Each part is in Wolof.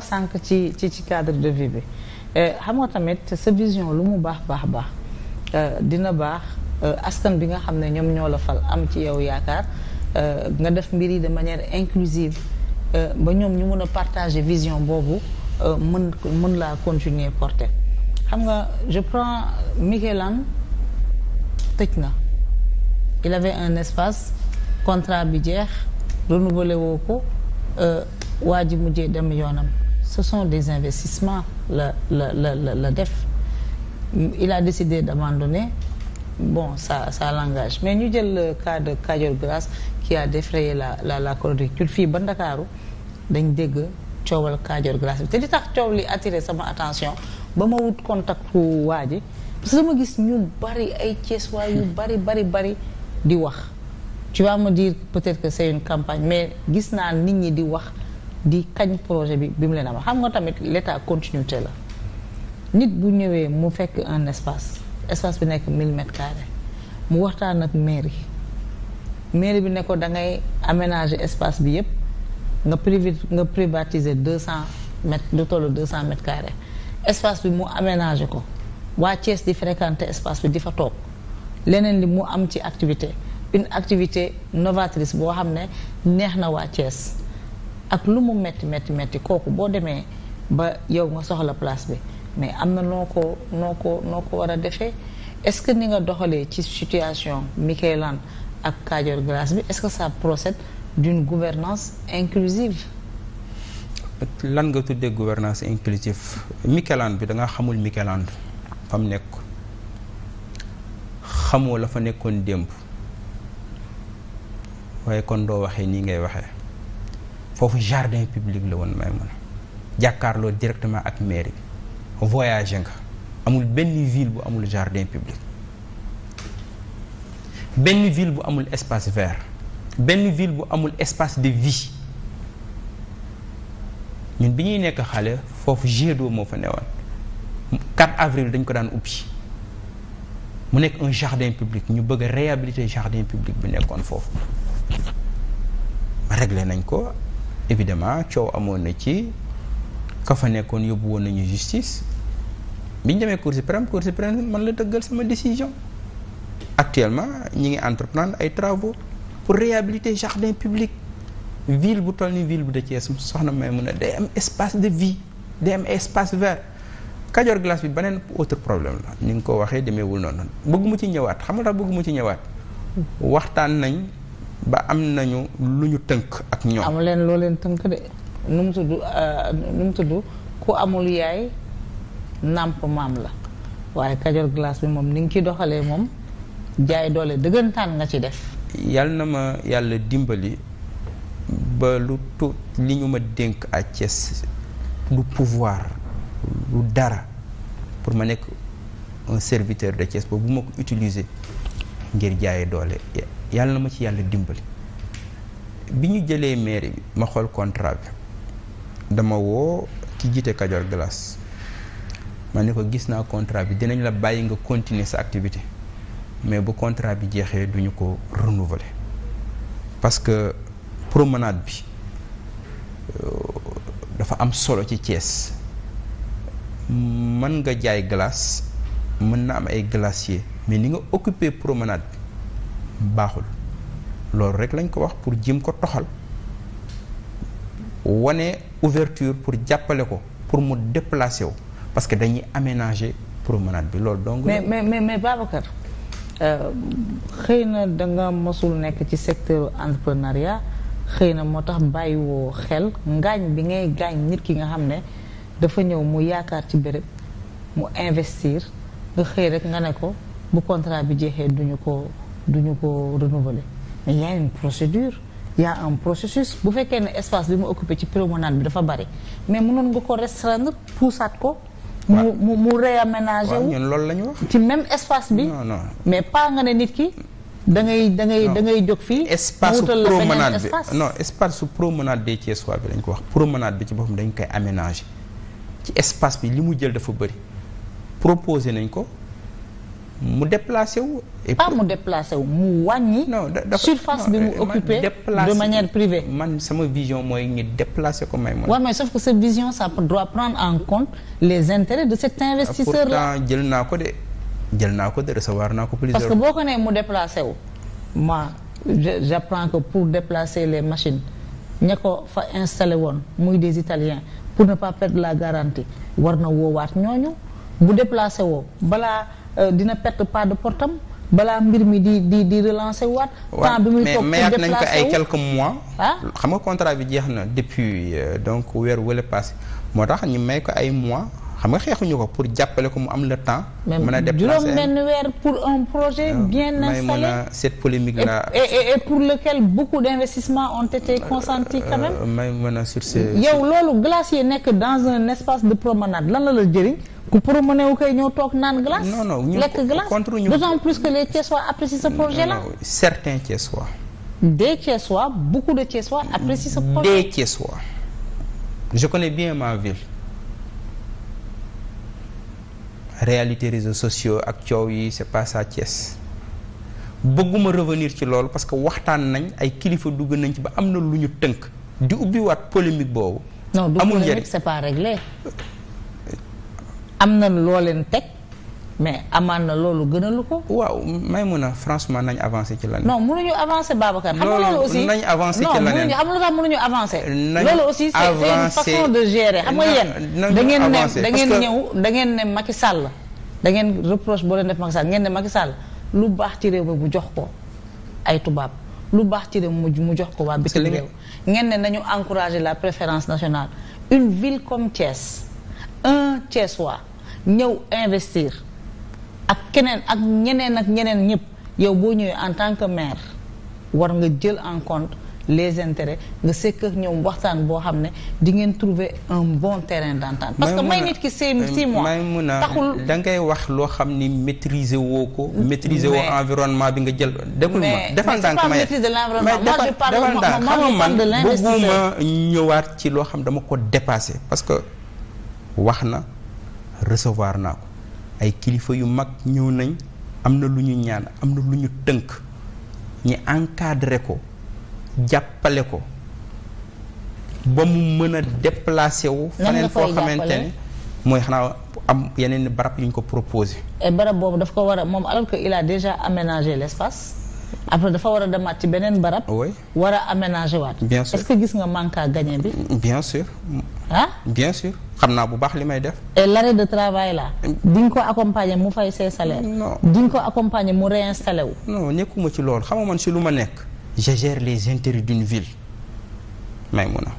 sànq ci ci ci cadre de vie bi euh, xam nga tamit sa vision lu mu baax baax baax euh, dina baax euh, askan bi nga xam ne ñoom ñoo la fal am ci yow yaakaar nga def mbir yi de manière inclusive ba ñoom ñu mën a partager vision boobu mën mën laa continuer porte xam nga je prends Mikelam tëj na il avait un espace contrat bi jeex renouvelé woo ko waa ji mujjee dem yoonam ce sont des investissements la la la la la def il a décidé d'abandonner bon sa ça l'engage mais ñu jël le cas de Kajoor Glace qui a défrayé la la la chronique fii ba Ndakaaru dañ dégg coowal Kajoor Glace bi te di tax coow li attiré sama attention ba ma wut contactu waa ji parce que dama gis ñu bari ay Ceesuwaay yu bari bari bari di wax ci vas ma diir peut-être que c'est une campagne mais gis naa nit ñi di wax di kañ projet bi bi mu leen amal xam nga tamit l'état continuité la nit bu ñëwee mu fekk un espace espace bi nekk 1000 mètres carrés mu waxtaan ak mairie mairie bi ne ko da ngay aménager espace bi yëpp nga privi nga privatiser 200 mètres lu deux 200 mètres carré espace bi mu aménager ko waa Thiès di fréquenter espace bi di fa toog leneen li mu am ci activité une activité novatrice boo xam ne neex na waa Thiès. ak lu mu métti métti métti kooku boo demee ba yow nga soxla place bi mais am na noo ko noo ko noo ko war a defee est-ce que ni nga doxalee ci situation Mickey Land ak Kajoor Glace bi est-ce que ça procède d'une gouvernance inclusive lan nga tuddee gouvernance inclusive Mickey Land bi da nga xamul Mickey Land fa mu nekk xamoo la fa nekkoon démb waaye kon doo waxee nii ngay waxee foofu jardin public la woon may mun jàkkaarloo directement ak mairie bi nga amul benn ville bu amul jardin public benn ville bu amul espace vert benn ville bu amul espace de vie ñun bi ñuy nekk xale foofu jet moo fa newoon 4 avril dañ ko daan ubbi mu nekk un jardin public ñu bëgg a réhabiliter jardin public bu nekkoon foofu réglé nañ ko évidemment coow amoon na ci ka fa nekkoon yóbbu woon nañu justice bi ñu demee Cour suprême Cour suprême man la dëggal sama décision actuellement ñi ngi entreprendre ay travaux pour réhabiliter jardin public ville bu toll ni ville bu de Thiès soxna may mun a day am espace de vie day am espace vert Kajoor Glace bi beneen autre problème la ni nga ko waxee demeewul noonu bëgg mu ci ñëwaat xam nga tax bëgg ci ñëwaat waxtaan nañ ba am nañu lu ñu tënk ak ñoom. amu leen loo leen tënk de nu tudd euh, nu tudd ku amul yaay nàmp maam la waaye Kajoor Glace bi moom ni nga ciy doxalee moom jaay doole dëggantaan nga ci def. yàlla na ma yàlla dimbali ba lu tuut li ñu ma dénk ak Thiès lu pouvoir lu dara pour ma nekk un serviteur de Thiès boobu bu ma ko utiliser ngir jaay doole. yàlla na ma ci yàlla dimbali bi ñu jëlee mairie ma xool contrat bi dama woo ki jiite Kajoor Glace man ne ko gis naa contrat bi dinañ la bàyyi nga continuer sa activité mais bu contrat bi jeexee duñu ko renouveler parce que promenade bi euh, dafa am solo ci Thiès mën nga jaay glace mën na am ay glacier mais ni nga occuper promenade bi baaxul loolu rek lañ ko wax pour jim ko toxal wane ouverture pour jàppale ko pour mu déplacer wu parce que dañuy aménager promenade bi loolu donc. mais mais mais mais Babacar euh, xëy na danga nga mosul nekk ci secteur entrepreneuriat xëy na moo tax bàyyiwoo xel ngaañ bi ngay gaañ nit ki nga xam ne dafa ñëw mu yaakaar ci béréb mu investir nga xëy rek nga ne ko bu contrat bi jeexee duñu ko. duñu ko renouveler mais y a une procédure y un processus bu fekkee ne espace bi mu occupé ci promenade bi dafa bari mais mënoon nga ko restreindre puusaat ko mu mu mu réaménagé wu ñun loolu la ñu wax ci même espace bi non non mais pas nga ne nit ki da ngay da ngay da ngay jóg fii espace promenade bi non espace su promenade des Thiessois bi dañ ko wax promenade bi ci boppam dañ koy aménagé ci espace bi li mu jël dafa bëri proposé nañ ko mu déplacé wu. et pas mu déplacé wu mu wàññi. non dafa surface bi mu eh, occupé de manière privée. man sama vision mooy ñu déplacé ko may. waaw mais sauf que cette vision ça doit prendre en compte les intérêts de cet ah, investisseur là. pourtant jël naa ko de jël naa ko de recevoir naa ko. plusieurs parce que boo konee nee mu déplacé wu. moi j'apprends que pour déplacer les machines ña ko fa installé woon muy des italiens pour ne pas perdre la garantie war na woowaat ñooñu bu déplacé woo balaa. Euh, dina perte pas de portam balaa mbir mi di di di relancer waat. temps bi muy toog mais nañ ay quelques mois. ah xam nga contrat bi jeex na depuis euh, donc weer wala passé moo tax ñu may ko ay mois. xam nga xeexuñu ko pour jàppale ko mu am le temps. mën a déplacer juróom benn pour un projet. Ah, bien installé cette polémique là. et et pour lequel beaucoup d'investissements ont été euh, consentis quand même. Euh, may mën a sur ces. yow loolu glacier nekk dans un espace de promenade lan la la jëriñ. ku promené wu koy ñëw toog naan glace. non non ñu lekk glace d'autant plus que les Thiessois apprécient ce projet là. certains Thiessois. des Thiessois beaucoup de Thiessois apprécient ce projet. sa Thiessois. je connais bien ma ville. réalité réseaux sociaux ak coow yi c'est pas ça Thiès bëgguma revenir ci loolu parce que waxtaan nañ ay kilifa dugg nañ ci ba am na lu ñu tënk di ubbiwaat polémique boobu. amul njëriñ non c'est pas réglé. am na loo leen teg. mais amaan na loolu gënalu ko. waaw may mun a franchement nañ avancé ci leneen. non ñu avancé Babacar. xam nga loolu aussi nañ avancé ci leneen non mënuñu am lu tax mënuñu avancé. loolu aussi c'est une façon de gérer xam nga yéen. da ngeen ne da ngeen ñëw dangeen ne Macky Sall. da ngeen reproche boo leen def Macky Sall ngeen ne Macky Sall lu baax ci réew mi bu jox ko ay tubaab. lu baax ci réew mu jox ko waa bitim réew ngeen ne nañu encourager la préférence nationale une ville comme Thiès un Thiessois ñëw investir ak keneen ak ñeneen ak ñeneen ñëpp yow boo ñëwee en tant que maire war nga jël en compte les intérêts nga sekk ñëw waxtaan boo xam ne di ngeen trouver un bon terrain d'entente parce que may nit ki six six mois may mun a taxul da wax loo xam ni maîtriser woo ko maîtriser woo environnement bi nga jël déglu ma defal ndànk ma defal ndànk xam man bëgguma ñëwaat ci loo xam dama ko dépasser parce que wax na recevoir naa ko ay kilifa yu mag ñëw nañ am na lu ñu ñaan am na lu ñu tënk ñi encadré ko jàppale ko ba mu mën a déplacé wu. faneen foo xamante ne mooy xanaa am yeneen barab yu ñu ko proposé. et barab boobu daf ko war a moom alors que il a déjà aménagé l'espace après dafa war a demaat ci beneen barab. oui war a aménagé waat. bien sûr est gis nga manque à gagner bi. bien sûr. ah bien sûr xam naa bu baax li may def. et de travail là. di nga ko accompagner mu fay ses salaires. non di nga ko accompagner mu réinstallé wu. nekkuma ci loolu xam nga man si lu ma nekk. je les intérêts d'une ville may mun a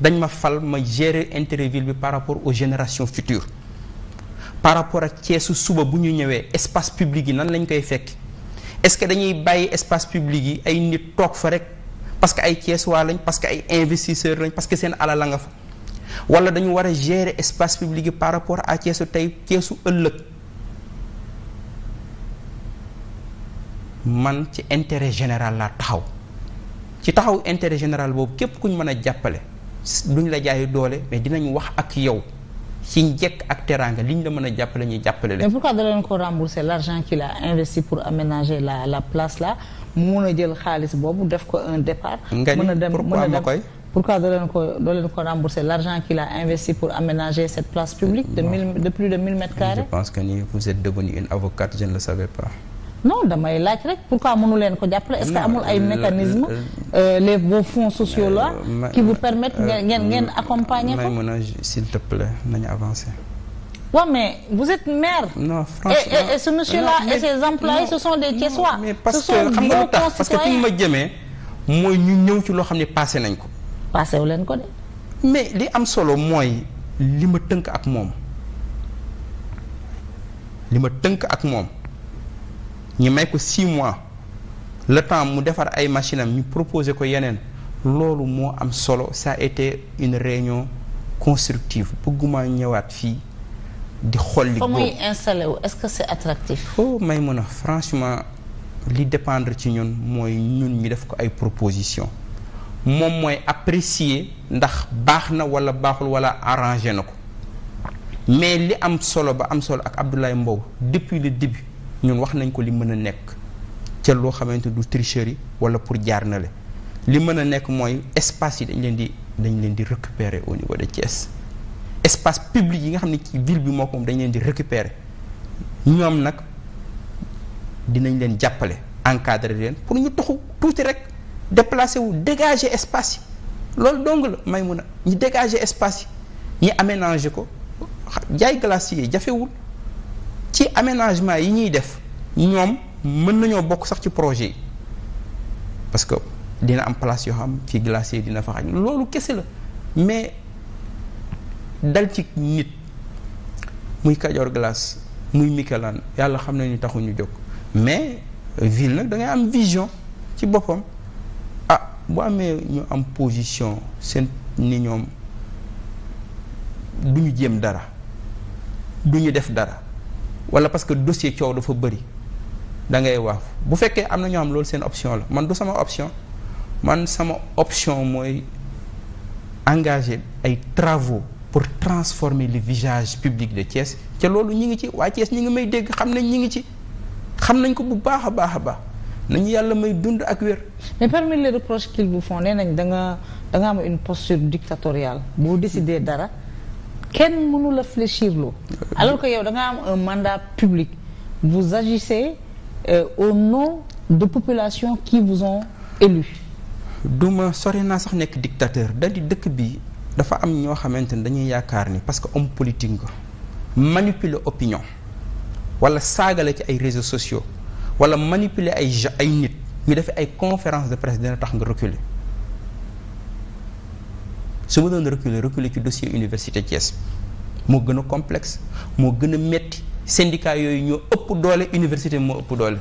dañ ma fal ma gérer intérêt ville bi par rapport au génération futures par rapport ak Ceesu suba bu ñu ñëwee espace public yi nan lañ koy fekk est-ce que dañuy bàyyi espace public yi ay nit toog fa rek parce que ay Cees waa lañ parce que ay investisseurs lañ parce que seen alal nga fa. wala dañu war a gérer espace public yi par rapport a ceesu tey ceesu ëllëg man ci intérêt général laa taxaw ci taxaw intérêt général boobu képp ku ñu mën a jàppale duñ la jaay doole mais dinañu wax ak yow ci njekk ak teraanga liñ la mën a jàppale ñu jàppale da leen ko rembourser l' argent qu'il a investi pour aménager la la place là mu mën a jël xaalis boobu def ko un départ. mën a dem mën a dem nga ni pourquoi ma koy. pourquoi doo leen ko doo leen ko rembourser l' argent qu'il a investi pour aménager cette place publique de mille de plus de mille mètres carrés. je pense que ni vous êtes devenue une avocate je non damay laaj rek pourquoi mënu leen ko jàppale. est-ce que amul ay euh, mécanismes. Euh, euh, les vos fonds sociaux là. qui vous permettent ngeen ngeen accompagner ko. Maïmouna s'il te plaît nañu avancer. waaw ouais, mais vous êtes maire. non franchement et, ce monsieur là non, mais, et ses employés non, ce ce sont que, vos concitoyens mais parce que xam nga lu tax parce que fi mu ma jëmee mooy ñu ñëw ci loo xam ne passé nañ ko. passé wu leen ko de. mais li am solo mooy li ma tënk ak moom li ma tënk ak moom ñu may ko six mois le temps mu defar ay machine am ñu proposé ko yeneen loolu moo am solo sa a été une réunion constructive bëgguma ñëwaat fii di xool li fa muy installé wu est-ce que c'est attractif. oh may mën a franchement li dépendre ci ñun mooy ñun ñu def ko ay proposition moom mooy apprécier ndax baax na wala baaxul wala arrangé na ko mais li am solo ba am solo ak Abdoulaye Mbow depuis le début ñoom wax nañ ko li mën a nekk ca loo xamante du tricherie wala pour jaar na le li mën a nekk mooy espace yi dañ leen di dañ leen di récupérer au niveau de Thiès espace public yi nga xam ne ci ville bi moo ko moom dañ leen di récupérer ñoom nag dinañ leen jàppale encadrer leen pour ñu toxu tuuti rek déplacé wu dégager espace yi loolu dong la may mun a ñu dégager espace yi ñu aménager ko jaay glacier yi jafewul ci aménagement yi ñuy def ñoom mën nañoo bokk sax ci projet yi parce que dina am place yoo xam fii yi dina fa xaj loolu kese la mais dal ci nit muy Kajoor Glace muy Mikelaan yàlla xam nañu taxuñu jóg mais ville nag da ngay am vision ci boppam bu amee ñu am position seen ni ñoom du ñu jéem dara du ñu def dara wala parce que dossier coow dafa bëri da ngay waaf bu fekkee am na ñoo am loolu seen option la man du sama option man sama option mooy engager ay travaux pour transformer le visage public de Thiès ca loolu ñi ngi ci waa Thiès ñi ngi may dégg xam nañ ñi ngi ci xam nañ ko bu baax a baax a baax nañu yàlla may dund ak wér. mais parmi les reproches qu'ils vous font nee nañ da nga da am une posture dictatoriale boo décider dara kenn mënu la fléchir loo alors que yow da nga am un mandat public vous agissez euh, au nom de population qui vous ont élu. du ma sori naa sax nekk dictateur da di dëkk bi dafa am ñoo xamante ne dañuy yaakaar ni parce que homme politique nga manipuler opinion wala saagale ci ay réseaux sociaux. wala manipuler ay ay nit ñu def ay conférence de presse dina tax nga reculer su ma doon reculer reculer ci dossier université Thiès moo gën a complexe moo gën a metti syndicat yooyu ñoo ëpp doole université moo ëpp doole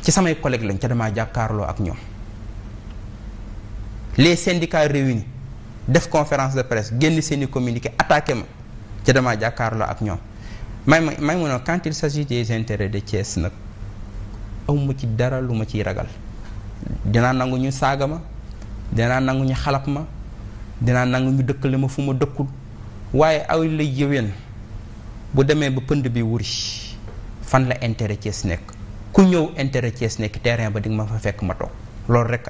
ci samay collègues lañ ca damaa jàkkaarloo ak ñoom les syndicats réunis def conférence de presse génn seeni communiqué attaqué ma ca damaa jàkkaarloo ak ñoom may may may mun a quand il s'agit des intérêts de Thiès nag awma ci dara lu ma ciy ragal dinaa nangu ñu saaga ma dinaa nangu ñu xalab ma dinaa nangu ñu dëkkale ma fu ma dëkkul waaye aw la yëwén bu demee ba pënd bi wuri fan la intérêt Thiès nekk ku ñëw intérêt Thiès nekk terrain ba di nga ma fa fekk ma toog loolu rek